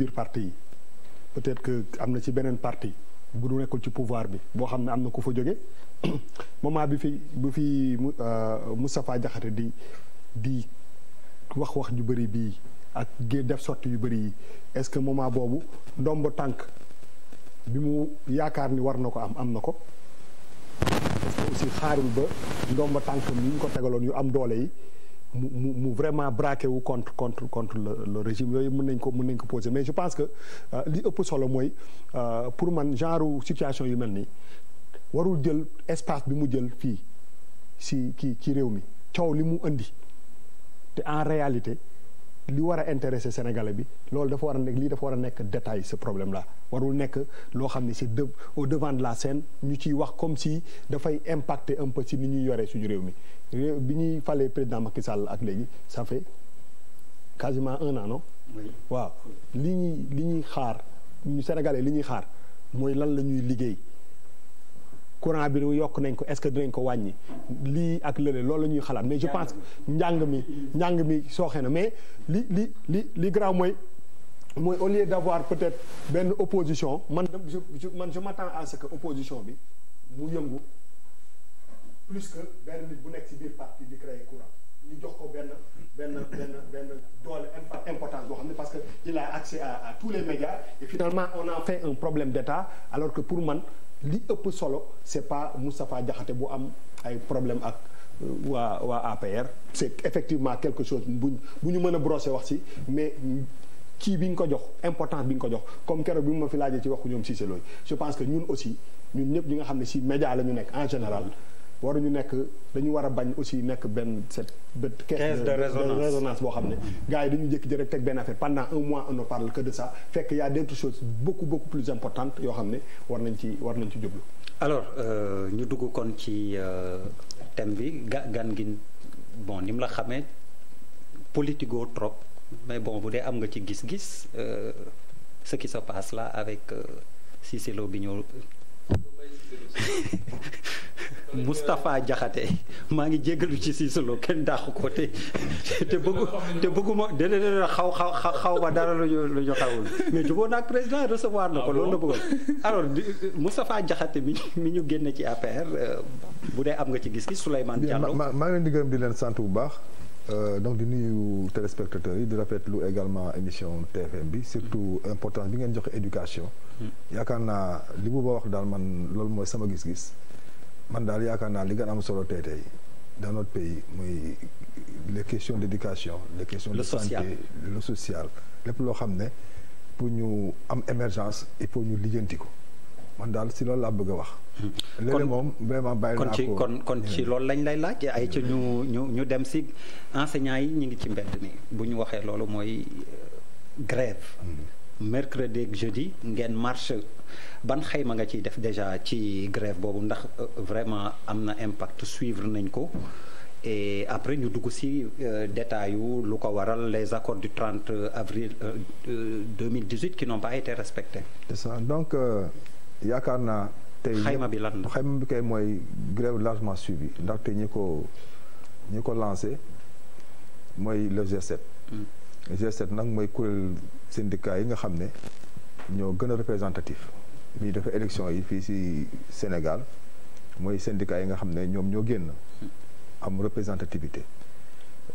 biir parti yi peut-être que am na ci beneen partie bu du nekkul ci pouvoir bi boo xam ne am na ko fa jóge moment bi fi bu fi mustapha euh, Diakhaté di di wax wax ju bëri bii ak gé def sorti yu bëri yi est-ce que moment boobu ndombo tànk bi mu yaakaar ni war na ko am am na ko parce que aussi xaarul ba ndombo tànk mi ñu ko tegaloon yu am doole yi mu mu mu vraiment braqué wu contre contre contre le, le régime yooyu mën nañ ko mën nañ ko poser mais je pense que euh, li ëpp solo mooy euh, pour man genre situation yu mel nii warul jël espace bi mu jël fii si kii ci réew mi coow li mu indi te en réalité. li war a intéresser sénégalais bi loolu dafa war a nekk lii dafa war a nekk détail ce problème là warul nekk loo xam ne si de au devant la scène ñu ciy wax comme si dafay impacter un peu ni ñuy yoree suñu réew mi bi ñuy falee président Macky Sall ak léegi ça fait quasiment un an non waaw li ñuy xaar ñu sénégalais li ñuy xaar mooy lan la ñuy liggéey courant bi yokk nañ ko est-ce que dinañ ko wàññi lii ak lële loolu la ñuy xalaat mais je pense njàng mi njàng mi sooxee na mais li li li li grave mooy mooy au lieu d'avoir peut-être benn opposition man je man je m'attends à ce que opposition bi mu yëngu plus que benn bu nekk ci biir parti accès à, à tous les médias et finalement on a fait un problème d'État alors que pour man li ëpp solo c'est pas Moustapha jaxate bu am ay problème ak euh, waa waa APR c'est effectivement quelque chose bu bu ñu mën a brosser wax si mais kii bi ñu ko jox importance bi ñu ko jox comme keroog bi mu ma fi laajee ci waxu ñoom Cissé Lo je pense que ñun aussi ñun ñëpp ñu nga xam ne si média la ñu nekk en général war ñu nekk dañu war bañ aussi nekk benn bët caisse de résonance boo xam ne gars yi dañu jékki-jékki rek teg benn affaire pendant un mois on ne parle que de ça fekk y a d'autres choses beaucoup beaucoup plus importantes yoo xam ne war nañ ci war nañ ci jublu alors euh, ñu dugg kon ci euh, thème bi ga gan gi bon nim la xamee politigo trop mais bon bu dee am nga ci gis-gis euh, ce qui se passe la avec Cissé Lo bi ñëw Moustapha jaxate maa ngi jéggalu ci Cissé kenn dàqu ko te te bëggu te bëgguma déedéet xaw xaw xaw ma dara lu ñu lu ñu xawul mais jubóo président recevoir na ko ah loolu la bëgg alors Moustapha jaxate mi mi ñu génne ci APR euh, bu dee am nga ci gis-gis Souleymane Diallo maa ngi leen di di leen sant bu baax. Euh, donc di nuyu téléspectateurs yi di rafetlu également émission TFM bi surtout importance bi ngeen joxe éducation. Mm. yaakaar naa li bu ba wax daal man loolu mooy sama gis-gis man daal yaakaar naa li gën am solo tey tey dans notre pays muy les questions d'éducation. les questions de santé le sociale lépp loo xam ne pour ñu am émergence il faut ñu lijjanti ko. man daal si loolu laa bëgg a wax. léeg moom vraiment bàyyi naa ko kon kon ci loolu lañ lay laaj ay ci ñu ñu ñu dem si enseignants yi ñu ngi ci mbedd mi bu ñu waxee loolu mooy euh, grève. Mm-hmm. mercredi ak jeudi ngeen marche ban xayma nga ciy def déjà ci grève boobu ndax euh, vraiment am na impact suivre nañ ko et après ñu dugg si euh, détail yu lu ko waral les accords du 30 avril 2018 qui n'ont pas été respectés. C'est ça yaakaar naa. tey xayma bi lan la xayma bi kay mooy grève largement suivi ndaxte ñi ko ñi ko lancé mooy le G7. Hmm. G7 nag mooy kuréel syndicat yi nga xam ne ñoo gën a représentatif ñuy defee élection yi fii si Sénégal mooy syndicat yi nga xam ne ñoom ñoo génn am représentativité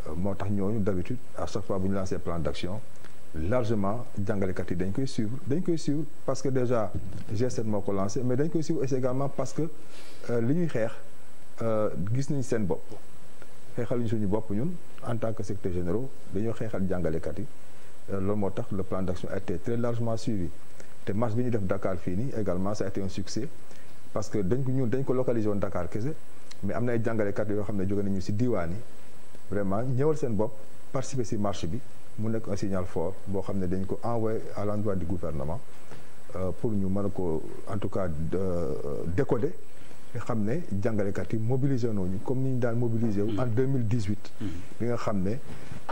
euh, moo tax ñooñu d'habitude à sa fois bu ñu lancé plan d'action. largement jàngalekat yi dañ koy suivre dañ koy suivre parce que déjà G7 moo ko lancé mais dañ koy suivre aussi également parce que euh, li ñuy xeex euh, gis nañ seen bopp xeexal ñu suñu bopp ñun en tant que secrétaire généraux dañoo xeexal jàngalekat yi euh, loolu moo tax le plan d'action a été très largement suivi te marche bi ñu def Dakar fii nii également ça a été un succès parce que dañ ko ñun dañ ko localiser woon dakaar kese mais am na ay jàngalekat yoo xam ne jóge nañu ci diwaan vraiment ñëwal seen bopp participer ci marche bi mu nekk un signal fort boo xam ne dañ ko envoyé à l'endroit du gouvernement euh, pour ñu mën a ko en tout cas euh, décoder xam ne jàngalekat yi mobilisé nooñu comme ni ñu daan mobilisé wu en 2018 bi nga xam ne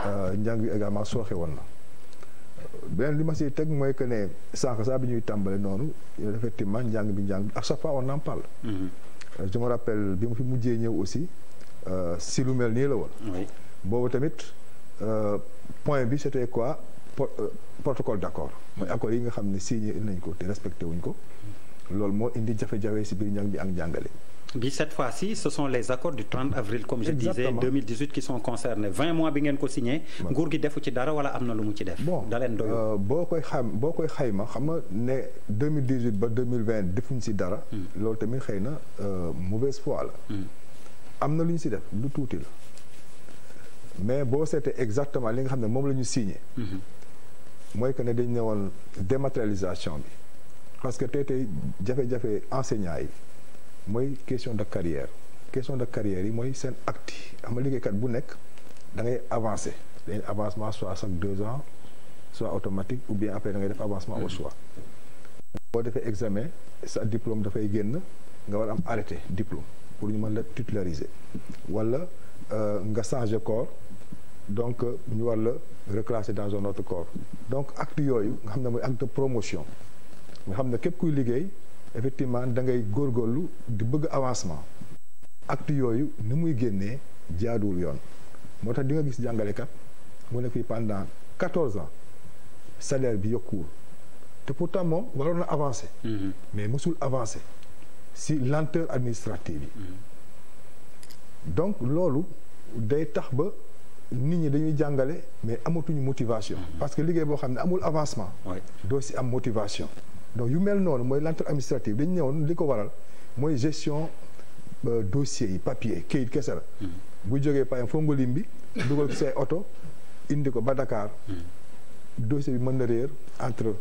euh, njàng wi également sooxe woon na beneen li ma si teg mooy que ne sànq saa bi ñuy tàmbali noonu effectivement njàng bi njàng bi à chaque fois on en parle mm-hmm. je me rappelle bi mu fi mujjee ñëw aussi si lu mel nii la woon boobu tamit Euh, point bi c'était quoi euh, protocole d'accord mooy accord yi nga xam ne signé nañ ko te respecté wuñ ko loolu moo indi jafe-jafe si biir njàng bi ak njàngale bi cette fois-ci ce sont les accords du 30 avril comme je disais 2018 qui sont concernés 20 mois bi ngeen ko signé nguur gi defu ci dara wala am na lu mu ci def bon da leen doyoo euh, boo koy xam boo koy xayma xam nga ne 2018 ba 2020 defuñ si dara hmm. loolu tamit xëy na mauvaise foi la hmm. am na lu ñu si def lu tuuti la mais boo seetee exactement li nga xam ne moom la ñu signé. Mhm. mooy que ne dañ ne woon dématérialisation bi parce que tey tey jafe-jafe enseignant yi mooy question de carrière question de carrière yi mooy seen acti yi bu nekk da ngay avancé dañuy avancement soit chaque deux ans soit automatique ou bien après da ngay def avancement au mhm. choix. boo defee examen sa diplôme dafay génn nga war am arrêté diplôme pour ñu mën la titulariser wala euh, nga changer corps. donc ñu war la reclasser dans un autre corps donc act yooyu nga xam ne mooy acte de promotion nga xam na képp kuy liggéey effectivement da ngay góorgóorlu di bëgg avancement acte yooyu ni muy génnee jaaduwul yoon moo tax di nga gis jàngalekat mu ne fii pendant quatorze ans salaire bi yokkuwul te pourtant moom waroon na avancer mm-hmm. mais mësul avancer si lenteur administrative yi mm-hmm. donc loolu day tax ba nit ñi dañuy jàngale mais amatuñu motivation. Mhm. parce que liggéey boo xam ne amul avancement. doo si am motivation. donc yu mel noonu mooy lenteur administrative dañu ñëwoon li ko waral mooy gestion euh, dossier yi papier kayit kese la. Mhm. bu jógee par exemple fongo lim bi dugal say oto indi ko ba dakaar mhm. dossier bi mën na réer entre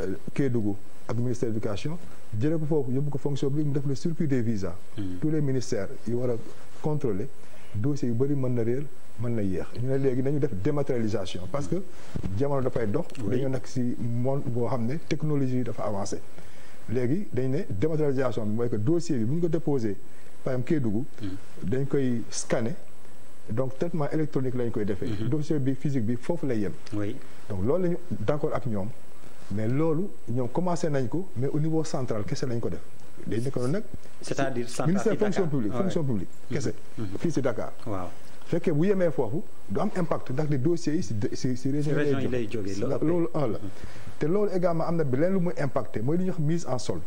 euh, Kédougou ak ministère de l'éducation jëlee ko foofu yëpp ko fonction bi mu def le circuit des visas. tous les ministères yi war a contrôler. dossier yu bëri mën na réer mën na yéex ñu ne léegi nañu def dématérialisation parce que jamono dafay dox dañoo nekk si monde boo xam ne technologie yi dafa avancé léegi dañ ne dématérialisation bi mooy que dossier bi bu ñu ko déposé par exemple Kédougou hmm. dañ koy scanner donc traitement électronique lañ koy defee hmm. dossier bi physique bi foofu lay yem donc loolu lañu d'accord ak ñoom mais loolu ñoom commencé nañ ko mais au niveau central kese lañ ko def dañ nekkoon nag. c'est-à-dire ministère fonction publique fonction mhm. publique kese. Mhm. fii si Dakar. fekkee bu yemee foofu du am impact ndax di dossiers yi si si si région yi lay jógee loolu un la mhm. te loolu également am na bi leen lu muy impacté mooy li ñuy wax mise en solde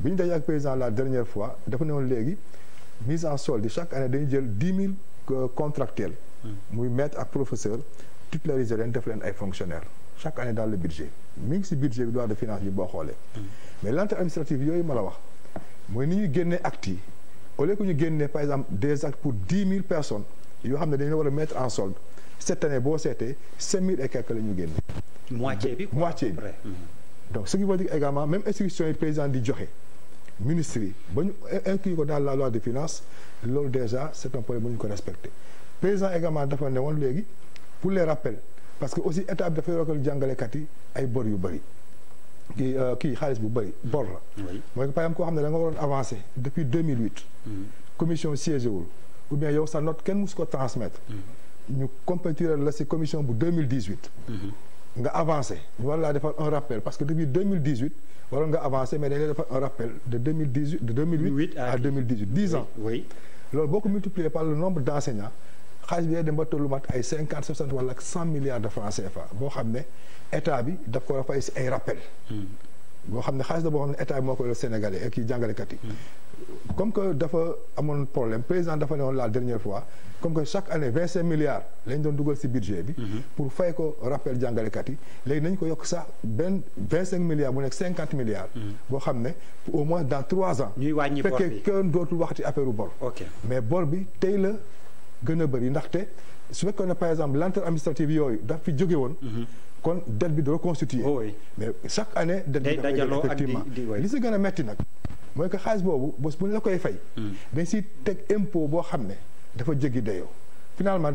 bi ñu dajee ak président la dernière fois dafa ne woon léegi mise en solde chaque année dañu jël dix mille euh, contractuels muy maître ak professeur titulariser leen def leen ay fonctionnaires chaque année daal le budget mi ngi si budget bi loi de finance bi boo xoolee mm. mais lentre administrative yooyu ma la wax mooy ni ñuy génnee actes yi au lieu ñu génnee par exemple des actes pour dix mille personnes yoo xam ne dañu war a mettre en solde cette année boo seetee cinq mille et quelques la ñu génne moitié bi moitié bi mm-hmm. donc ce qui veut dire également même institution yi président di joxe ministre yi ba ñu inclure ko daal la loi de finances loolu déjà c'est un problème bu ñu ko respecté président également dafa ne woon léegi pour les rappels parce que aussi état bi dafay yokkal jàngalekat yi ay bor yu bëri kii euh, kii xaalis bu bëri bor la. mooy par exemple koo xam ne da nga waroon avancé depuis 2008. Mm-hmm. commission siégé wul ou bien yow sa note kenn mus ko transmettre. Mm-hmm. ñu compétir la si commission bu mm-hmm. nga avancé ñu war laa defar un rappel parce que depuis 2018 waroon nga avancé mais dañ defar un rappel de 2018 de 2008 ans. loolu boo ko multiplier par le nombre d' xaalis bi day dem ba tollu mat ay cinquante soixante wala ak cent milliards de francs CFA boo xam ne état bi daf ko fay si ay rappel hmm. boo xam ne xaalis boo xam ne état bi moo koy sénégalais ak jàngalekat yi hmm. que dafa amoon problème président dafa ne woon la dernière fois comme que chaque année vingt cinq milliards lañ doon dugal si budget bi hmm. pour fay ko rappel jàngalekat yi léegi nañ ko yokk sax benn vingt cinq milliards bu nekk cinquante milliards boo xam ne au moins dans trois ans fekkee kenn dootul waxati affaire u bor mais bool bi tey la gën a bëri ndaxte su fekkee ne par exemple lenteur administrative yooyu daf fi jóge woon. Mhm. kon dette bi di reconstituer. Oh mais chaque année. dette bi dafay effectivement li si gën a metti nag. mooy que xaalis boobu bés bu ñu la koy fay. Mm. dañ si teg impôt boo xam ne dafa jéggi dayoo finalement.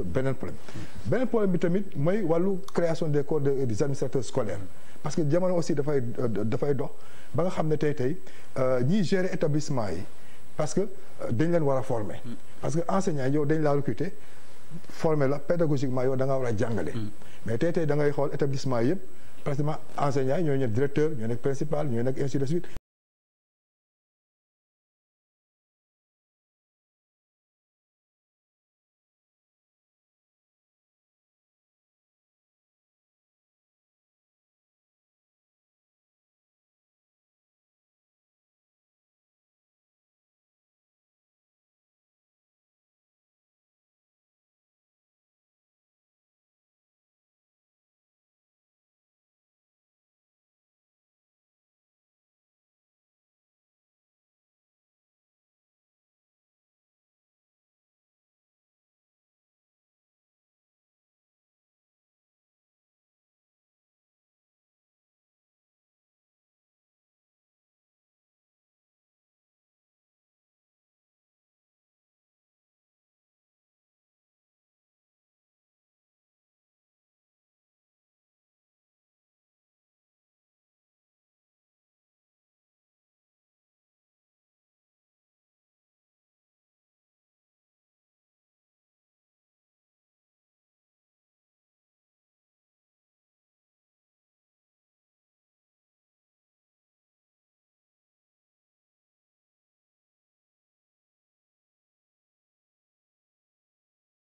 beneen problème beneen problème bi tamit mooy wàllu création de corps de des administrateurs scolaires parce que jamono aussi dafay dafay dox ba nga xam ne tey tey euh, ñiy gérer établissement yi parce que euh, dañ leen war a former. parce que enseignant yow dañ laa recruter former la pédagogiquement yow da war a jàngale. mais tey tey da ngay xool établissement yëpp pratiquement enseignant yi ñoo nekk directeur ñooy nekk principal ñooy nekk ainsi de